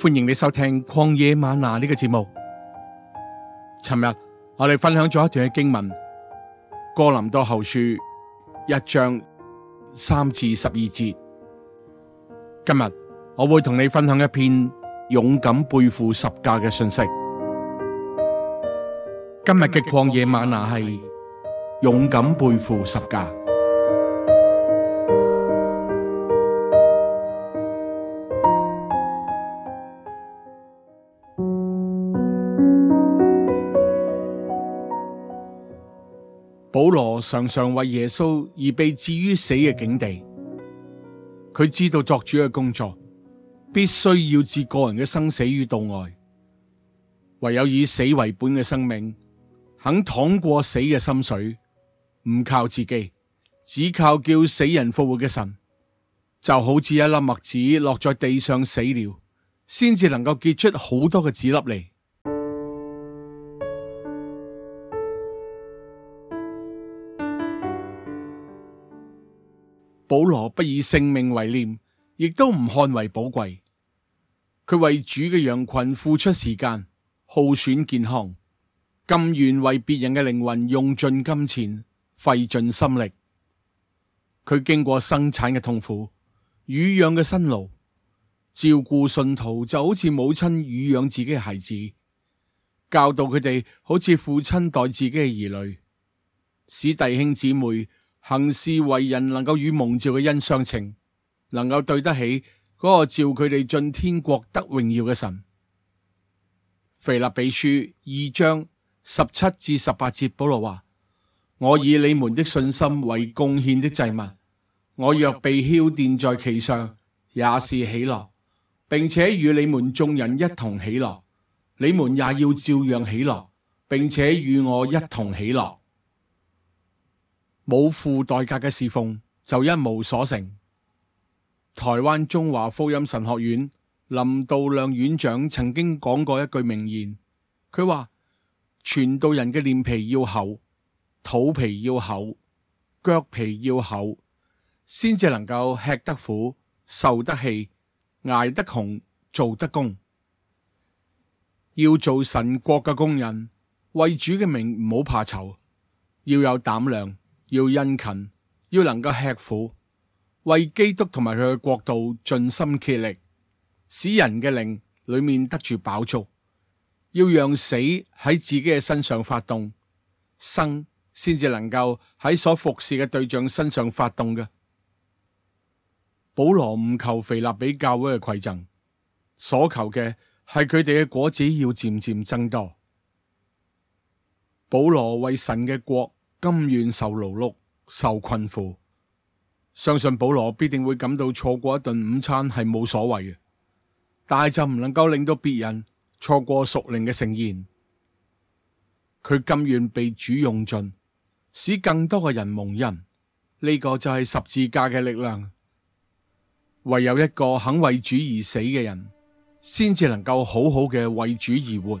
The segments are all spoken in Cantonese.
歡迎你收聽《曠野嗎哪》呢個節目。尋日我哋分享咗一段嘅經文《哥林多後書》一章三至十二節。今日我會同你分享一篇勇敢背負十架嘅信息。今日嘅曠野嗎哪係勇敢背負十架。保羅常常為耶穌而被置於死嘅境地，佢知道作主嘅工作必須要置個人嘅生死於度外，唯有以死為本嘅生命，肯淌過死嘅心水，唔靠自己，只靠叫死人復活嘅神，就好似一粒麥子落在地上死了，先至能夠結出好多嘅子粒嚟。保羅不以性命為念，亦都唔看為寶貴。佢為主嘅羊群付出時間，耗損健康，甘願為別人嘅靈魂用盡金錢、費盡心力。佢經過生產嘅痛苦、乳養嘅辛勞，照顧信徒就好似母親乳養自己嘅孩子，教導佢哋好似父親待自己嘅兒女，使弟兄姊妹。行事為人能夠與蒙召嘅恩相稱，能夠對得起嗰個召佢哋進天國得榮耀嘅神。腓立比書二章十七至十八節，保羅話：我以你們的信心為貢獻的祭物，我若被澆奠在其上，也是喜樂，並且與你們眾人一同喜樂。你們也要照樣喜樂，並且與我一同喜樂。冇付代價嘅侍奉就一無所成。台灣中華福音神學院林道亮院長曾經講過一句名言，佢話傳道人嘅臉皮要厚，肚皮要厚，腳皮要厚，先至能夠吃得苦、受得氣、捱得窮、做得工。要做神國嘅工人，為主嘅名唔好怕醜，要有膽量。要殷勤，要能夠吃苦，為基督同埋佢嘅國度盡心竭力，使人嘅靈裏面得住飽足，要讓死喺自己嘅身上發動，生先至能夠喺所服侍嘅對象身上發動嘅。保羅唔求腓立比教會嘅饋贈，所求嘅係佢哋嘅果子要漸漸增多。保羅為神嘅國。甘願受勞碌，受困苦，相信保羅必定會感到錯過一頓午餐係冇所謂嘅，但係就唔能夠令到別人錯過屬靈嘅盛宴。佢甘願被主用盡，使更多嘅人蒙恩。呢、這個就係十字架嘅力量。唯有一個肯為主而死嘅人，先至能夠好好嘅為主而活。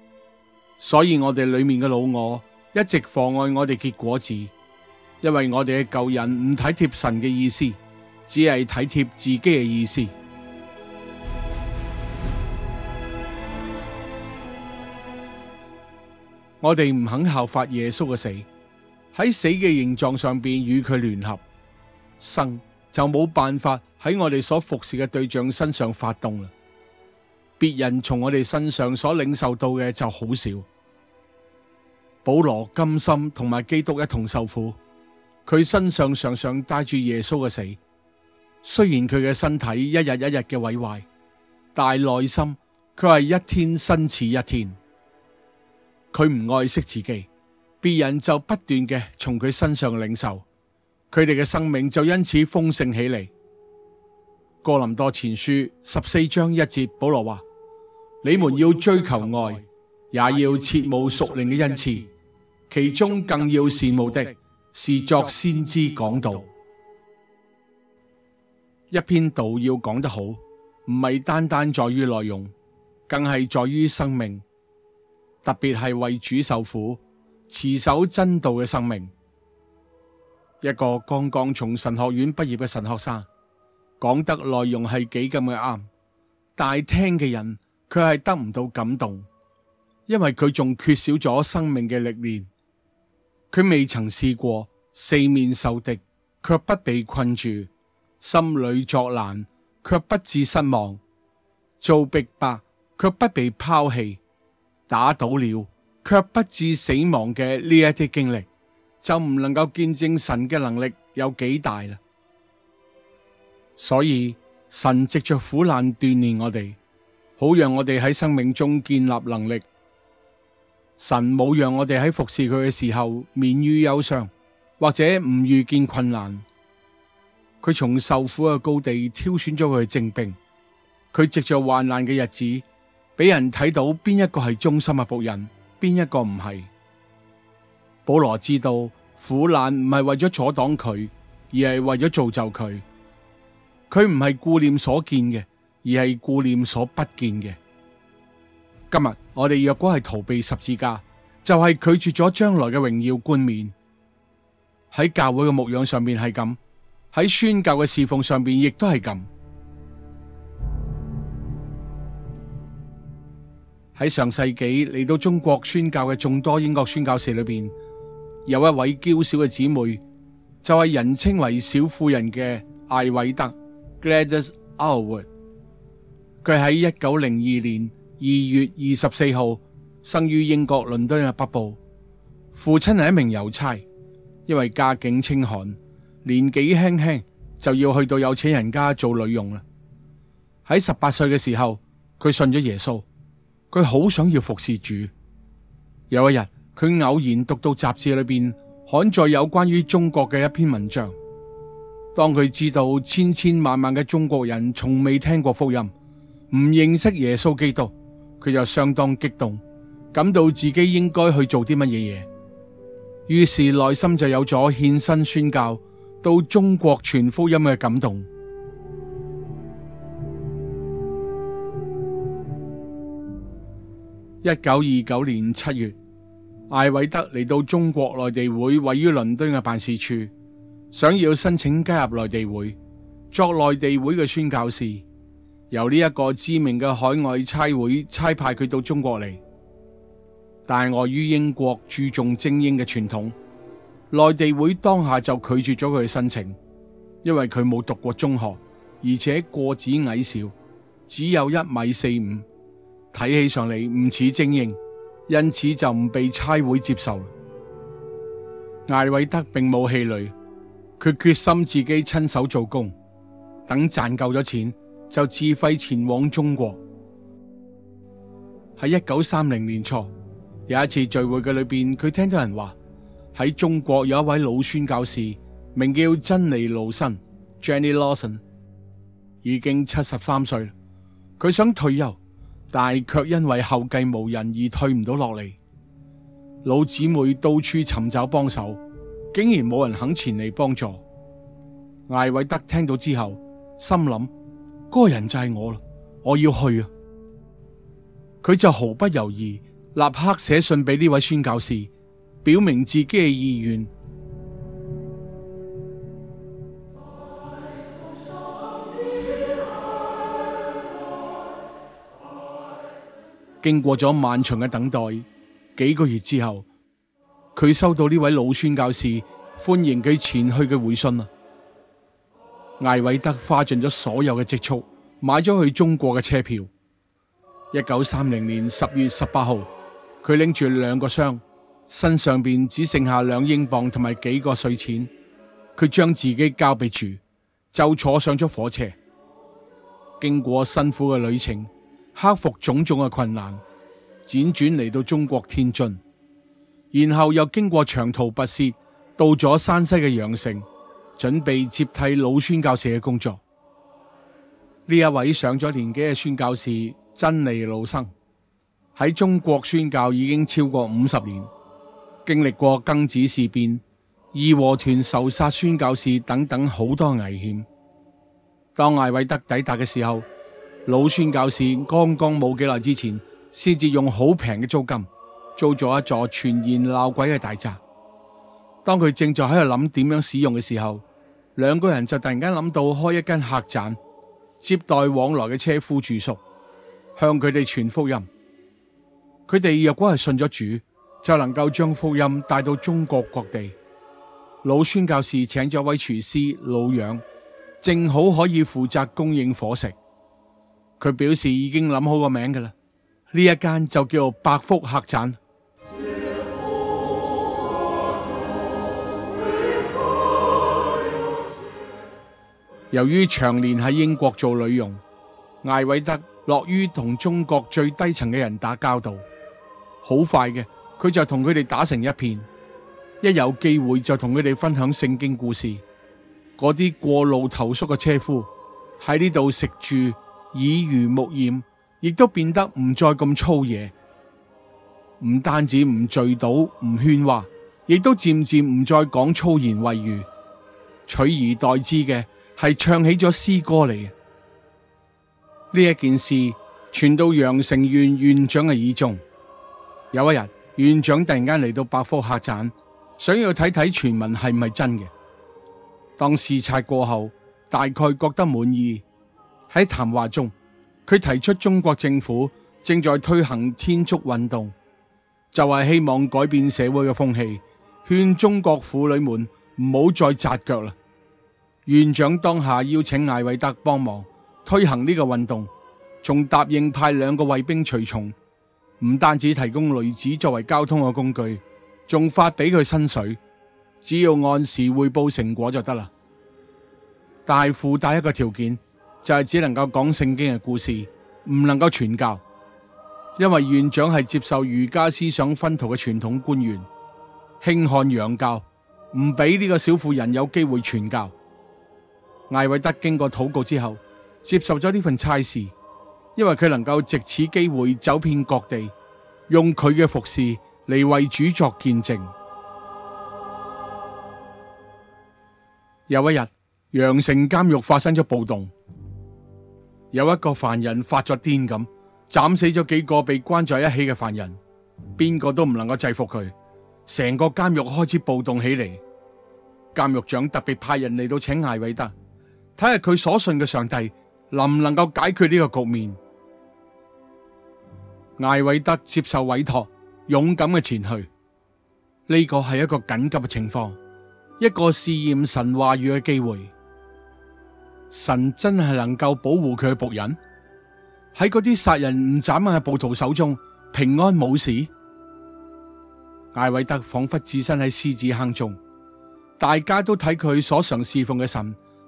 所以我哋裏面嘅老我一直妨礙我哋結果子，因為我哋嘅舊人唔體貼神嘅意思，只係體貼自己嘅意思。 我哋唔肯效法耶穌嘅死，喺死嘅形狀上邊與佢聯合，生就冇辦法喺我哋所服侍嘅對象身上發動啦。別人從我哋身上所領受到嘅就好少。保羅甘心同埋基督一同受苦，佢身上常常帶住耶穌嘅死，雖然佢嘅身體一日一日嘅毀壞，但係內心佢係一天新似一天。佢唔愛惜自己，別人就不斷嘅從佢身上領受，佢哋嘅生命就因此豐盛起嚟。哥林多前書十四章一節，保羅話：你們要追求愛。也要切慕熟靈嘅恩賜，其中更要羨慕的是作先知講道。 一篇道要講得好，唔係單單在於內容，更係在於生命，特別係為主受苦、持守真道嘅生命。 一個剛剛從神學院畢業嘅神學生，講得內容係幾咁嘅啱，大聽嘅人佢係得唔到感動。因為佢仲缺少咗生命嘅歷練，佢未曾試過四面受敵卻不被困住，心裏作難卻不致失望，遭逼迫卻不被拋棄，打倒了卻不致死亡嘅呢一啲經歷，就唔能夠見證神嘅能力有幾大啦。所以神藉着苦難鍛煉我哋，好讓我哋喺生命中建立能力。神冇讓我哋喺服侍佢嘅時候免於憂傷，或者唔遇見困難。佢從受苦嘅高地挑選咗佢嘅精兵，佢藉着患難嘅日子，俾人睇到邊一個係忠心嘅僕人，邊一個唔係。保羅知道苦難唔係為咗阻擋佢，而係為咗造就佢。佢唔係顧念所見嘅，而係顧念所不見嘅。今日我哋若果係逃避十字架，就係拒絕咗將來嘅榮耀冠冕。喺教會嘅牧養上面，係咁，喺宣教嘅侍奉上邊亦都係咁。喺上世紀嚟到中國宣教嘅眾多英國宣教士裏邊，有一位嬌小嘅姊妹，就係人稱為小婦人嘅艾偉德 （Gladys Aylward）。佢喺一九零二年二月二十四號生於英國倫敦嘅北部，父親係一名郵差，因為家境清寒，年紀輕輕就要去到有錢人家做女傭啦。喺十八歲嘅時候，佢信咗耶穌，佢好想要服侍主。有一日，佢偶然讀到雜誌裏邊刊載有關於中國嘅一篇文章，當佢知道千千萬萬嘅中國人從未聽過福音，唔認識耶穌基督。佢就相當激動，感到自己應該去做啲乜嘢嘢，於是內心就有咗獻身宣教到中國傳福音嘅感動。一九二九年七月，艾偉德嚟到中國內地會位於倫敦嘅辦事處，想要申請加入內地會，作內地會嘅宣教士。由呢一個知名嘅海外差會差派佢到中國嚟，但係礙於英國注重精英嘅傳統，內地會當下就拒絕咗佢嘅申請，因為佢冇讀過中學，而且個子矮小，只有一米四五，睇起上嚟唔似精英，因此就唔被差會接受。艾偉德並冇氣餒，佢決心自己親手做工，等賺夠咗錢，就自費前往中國。喺一九三零年初，有一次聚會嘅裏邊，佢聽到人話喺中國有一位老宣教士，名叫珍妮勞森 （Jenny Lawson），已經七十三歲。佢想退休，但係卻因為後繼無人而退唔到落嚟。老姊妹到處尋找幫手，竟然冇人肯前嚟幫助。艾偉德聽到之後，心諗。嗰個人就係我啦，我要去啊！佢就毫不猶豫，立刻寫信俾呢位宣教士，表明自己嘅意願。 經過咗漫長嘅等待，幾個月之後，佢收到呢位老宣教士歡迎佢前去嘅回信啦。艾偉德花盡咗所有嘅積蓄，買咗去中國嘅車票。一九三零年十月十八號，佢拎住兩個箱，身上邊只剩下兩英鎊同埋幾個碎錢，佢將自己交俾主，就坐上咗火車。經過辛苦嘅旅程，克服種種嘅困難，輾轉嚟到中國天津，然後又經過長途跋涉，到咗山西嘅陽城。準備接替老宣教士嘅工作。呢一位上咗年紀嘅宣教士珍妮老生喺中國宣教已經超過五十年，經歷過庚子事變、義和團仇殺、宣教士等等好多危險。當艾偉德抵達嘅時候，老宣教士剛剛冇幾耐之前，先至用好平嘅租金租咗一座全然鬧鬼嘅大宅。當佢正在喺度諗點樣使用嘅時候，兩個人就突然間諗到開一間客棧，接待往來嘅車夫住宿，向佢哋傳福音。佢哋若果係信咗主，就能夠將福音帶到中國各地。老宣教士請咗位廚師老楊，正好可以負責供應伙食。佢表示已經諗好個名㗎喇，呢一間就叫百福客棧。由於長年喺英國做女傭，艾偉德樂於同中國最低層嘅人打交道，好快嘅佢就同佢哋打成一片，一有機會就同佢哋分享聖經故事。嗰啲過路投宿嘅車夫喺呢度食住，耳濡目染，亦都變得唔再咁粗野。唔單止唔聚賭、唔喧嘩，亦都漸漸唔再講粗言穢語，取而代之嘅係唱起咗詩歌嚟嘅。呢一件事傳到陽城縣縣長嘅耳中。有一日，縣長突然間嚟到百科客棧，想要睇睇傳聞係唔係真嘅。當視察過後，大概覺得滿意。喺談話中，佢提出中國政府正在推行天足運動，就係希望改變社會嘅風氣，勸中國婦女們唔好再紮腳啦。院長當下邀請艾偉德幫忙推行呢個運動，仲答應派兩個衛兵隨從，唔單止提供驢子作為交通嘅工具，仲發俾佢薪水，只要按時匯報成果就得啦。但附帶一個條件就係只能夠講聖經嘅故事，唔能夠傳教，因為院長係接受儒家思想熏陶嘅傳統官員，輕看洋教，唔俾呢個小婦人有機會傳教。艾偉德經過禱告之後，接受咗呢份差事，因為佢能夠借此機會走遍各地，用佢嘅服侍嚟為主作見證。 有一日，陽城監獄發生咗暴動，有一個犯人發咗癲咁，斬死咗幾個被關在一起嘅犯人，邊個都唔能夠制服佢，成個監獄開始暴動起嚟。監獄長特別派人嚟到請艾偉德。睇下佢所信嘅上帝能唔能夠解決呢個局面？艾偉德接受委託，勇敢嘅前去。呢個係一個緊急嘅情況，一個試驗神話語嘅機會。神真係能夠保護佢嘅僕人喺嗰啲殺人唔眨眼嘅暴徒手中平安冇事。艾偉德仿佛置身喺獅子坑中，大家都睇佢所常侍奉嘅神。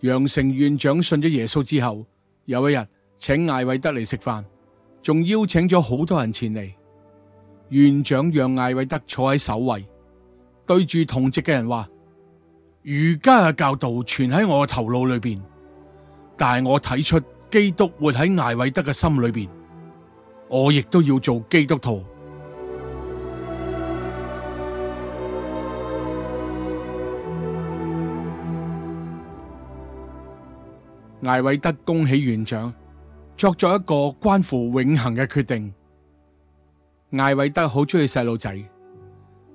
楊成院長信咗耶穌之後，有一日請艾偉德嚟食飯，仲邀請咗好多人前嚟。院長讓艾偉德坐喺首位，對住同席嘅人話：儒家嘅教導存喺我嘅頭腦裏邊，但係我睇出基督活喺艾偉德嘅心裏邊，我亦都要做基督徒。艾偉德恭喜院長作咗一個關乎永恒嘅決定。艾偉德好中意細路仔，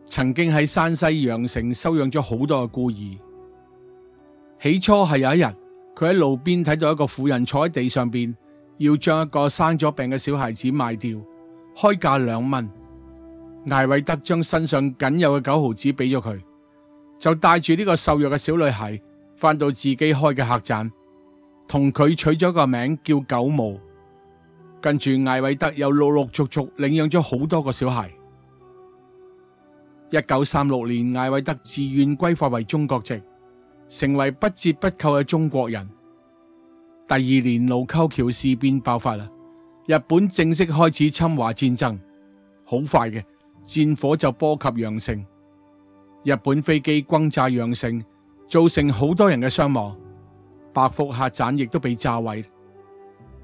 曾經喺山西陽城收養咗好多嘅孤兒。起初係有一日，佢喺路邊睇到一個婦人坐喺地上邊，要將一個生咗病嘅小孩子賣掉，開價兩蚊。艾偉德將身上僅有嘅九毫子俾咗佢，就帶住呢個瘦弱嘅小女孩返到自己開嘅客棧。同佢取咗個名叫九毛，跟住艾偉德又陸陸續續領養咗好多個小孩。一九三六年，艾偉德自願歸化為中國籍，成為不折不扣嘅中國人。第二年，盧溝橋事變爆發啦，日本正式開始侵華戰爭。好快嘅戰火就波及陽城，日本飛機轟炸陽城，造成好多人嘅傷亡。.白福客棧亦都被炸毀。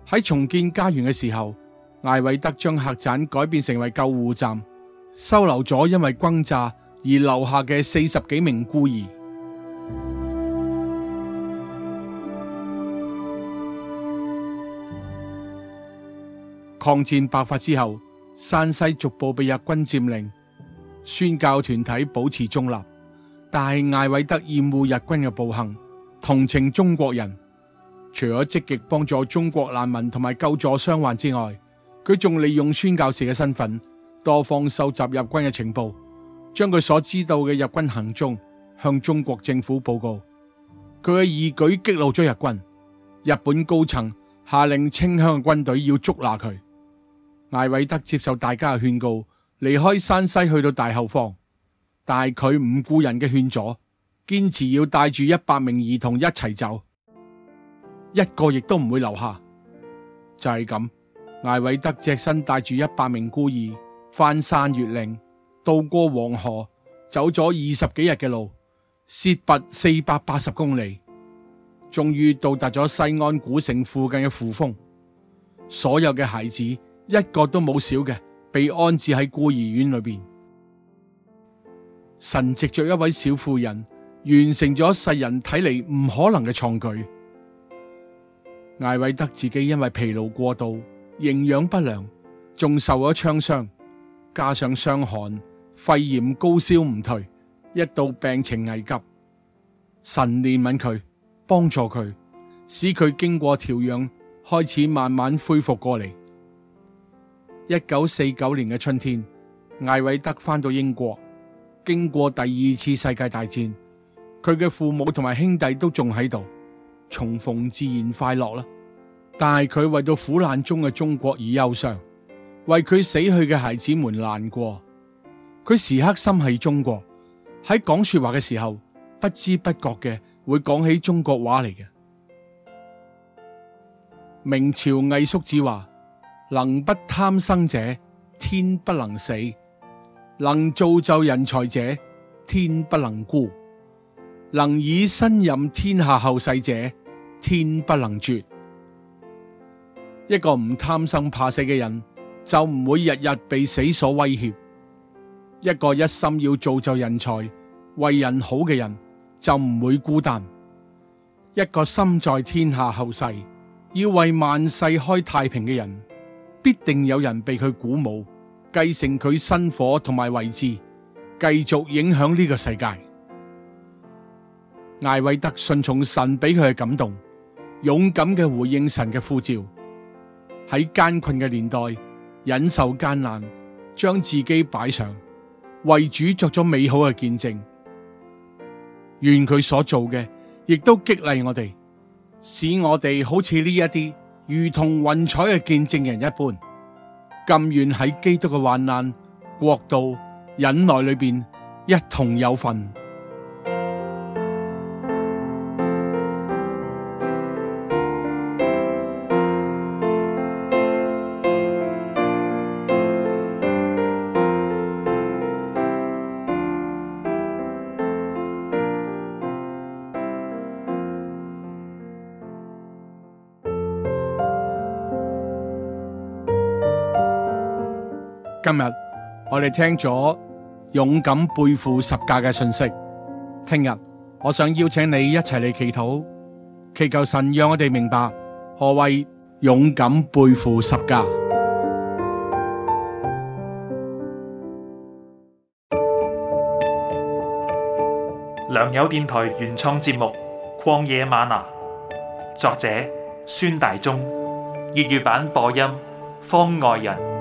喺重建家園嘅時候，艾偉德將客棧改變成為救護站，收留咗因為轟炸而留下嘅四十幾名孤兒。 抗戰爆發之後，山西逐步被日軍佔領。宣教團體保持中立，但係艾偉德厭惡日軍嘅暴行。同情中國人，除咗積極幫助中國難民同埋救助傷患之外，佢仲利用宣教士嘅身份，多方收集日軍嘅情報，將佢所知道嘅日軍行蹤向中國政府報告。佢嘅義舉激怒咗日軍，日本高層下令清鄉軍隊要捉拿佢。艾偉德接受大家嘅勸告，離開山西去到大後方，但係佢唔顧人嘅勸阻。堅持要帶住一百名兒童一齊走，一個亦都唔會留下，就係、是、咁。艾偉德隻身帶住一百名孤兒翻山越嶺，渡過黃河，走咗二十幾日嘅路，涉跋四百八十公里，終於到達咗西安古城附近嘅扶風。所有嘅孩子一個都冇少嘅，被安置喺孤兒院裏邊。神藉着一位小婦人，完成咗世人睇嚟唔可能嘅創舉，艾偉德自己因為疲勞過度、營養不良，仲受咗槍傷，加上傷寒、肺炎、高燒唔退，一度病情危急，神憐憫佢幫助佢，使佢經過調養，開始慢慢恢復過嚟。一九四九年嘅春天，艾偉德返到英國，經過第二次世界大戰。佢嘅父母同埋兄弟都仲喺度，重逢自然快樂啦。但係佢為到苦難中嘅中國而憂傷，為佢死去嘅孩子們難過。佢時刻心繫中國，喺講說話嘅時候，不知不覺嘅會講起中國話嚟嘅。明朝魏叔子話：能不貪生者，天不能死；能造就人才者，天不能孤。能以身任天下後世者，天不能絕。一個唔貪生怕死嘅人，就唔會日日被死所威脅；一個一心要造就人才、為人好嘅人，就唔會孤單。一個心在天下後世、要為萬世開太平嘅人，必定有人被佢鼓舞，繼承佢薪火同埋位置，繼續影響呢個世界。艾維特順從神，俾佢嘅感動，勇敢嘅回應神嘅呼召，喺艱困嘅年代忍受艱難，將自己擺上，為主作咗美好嘅見證。願佢所做嘅，亦都激勵我哋，使我哋好似呢一啲如同雲彩嘅見證人一般，甘願喺基督嘅患難國度忍耐裏面一同有份。我哋聽咗勇敢背負十架嘅信息，聽日我想邀請你一齊嚟祈禱，祈求神讓我哋明白何謂勇敢背負十架。良友電台原創節目《曠野嗎哪》，作者孫大中，粵語版播音方外人。